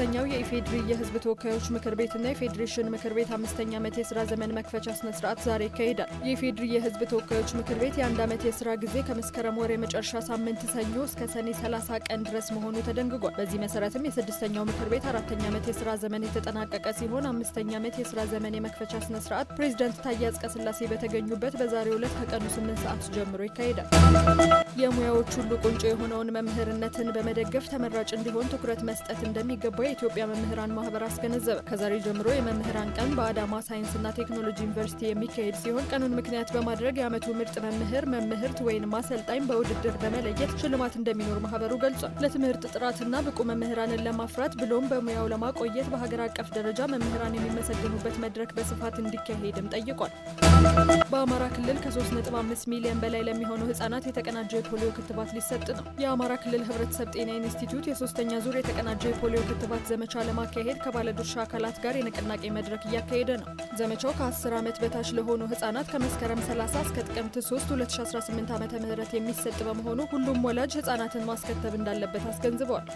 ሶስተኛው የኢፌዴሪ የህዝብ ተወካዮች ምክር ቤትና የፌዴሬሽን ምክር ቤት አምስተኛ ዓመት የስራ ዘመን መክፈቻ ስነስርዓት ዛሬ ይካሄዳል። የኢፌድሪ የህዝብ ተወካዮች ምክር ቤት የአንድ ዓመት የስራ ጊዜ ከመስከረም ወር የመጨረሻ ሳምንት ሰኞ እስከ ሰኔ 30 ቀን ድረስ መሆኑ ተደንግጓል። በዚህ መሰረትም የስድስተኛው ምክር ቤት አራተኛ ዓመት የስራ ዘመን የተጠናቀቀ ሲሆን አምስተኛ ዓመት የስራ ዘመን የመክፈቻ ስነስርዓት ፕሬዚደንት ፕሬዚዳንት ታዬ አጽቀሥላሴ በተገኙበት በዛሬው ዕለት ከቀኑ 8 ሰዓት ጀምሮ ይካሄዳል። የሙያዎች ሁሉ ቁንጮ የሆነውን መምህርነትን በመደገፍ ተመራጭ እንዲሆን ትኩረት መስጠት እንደሚገባ የኢትዮጵያ መምህራን ማህበር አስገነዘበ። ከዛሬ ጀምሮ የመምህራን ቀን በአዳማ ሳይንስና ቴክኖሎጂ ዩኒቨርሲቲ የሚካሄድ ሲሆን ቀኑን ምክንያት በማድረግ የዓመቱ ምርጥ መምህር መምህርት ወይም አሰልጣኝ በውድድር በመለየት ሽልማት እንደሚኖር ማህበሩ ገልጿል። ለትምህርት ጥራትና ብቁ መምህራንን ለማፍራት ብሎም በሙያው ለማቆየት በሀገር አቀፍ ደረጃ መምህራን የሚመሰገኑበት መድረክ በስፋት እንዲካሄድም ጠይቋል። በአማራ ክልል ከ3.5 ሚሊዮን በላይ ለሚሆኑ ህጻናት የተቀናጀ የፖሊዮ ክትባት ሊሰጥ ነው። የአማራ ክልል ህብረተሰብ ጤና ኢንስቲትዩት የሶስተኛ ዙር የተቀናጀ የፖሊዮ ክትባት የማልማት ዘመቻ ለማካሄድ ከባለድርሻ አካላት ጋር የንቅናቄ መድረክ እያካሄደ ነው። ዘመቻው ከ10 ዓመት በታች ለሆኑ ህጻናት ከመስከረም 30 እስከ ጥቅምት 3 2018 ዓ ም የሚሰጥ በመሆኑ ሁሉም ወላጅ ህጻናትን ማስከተብ እንዳለበት አስገንዝበዋል።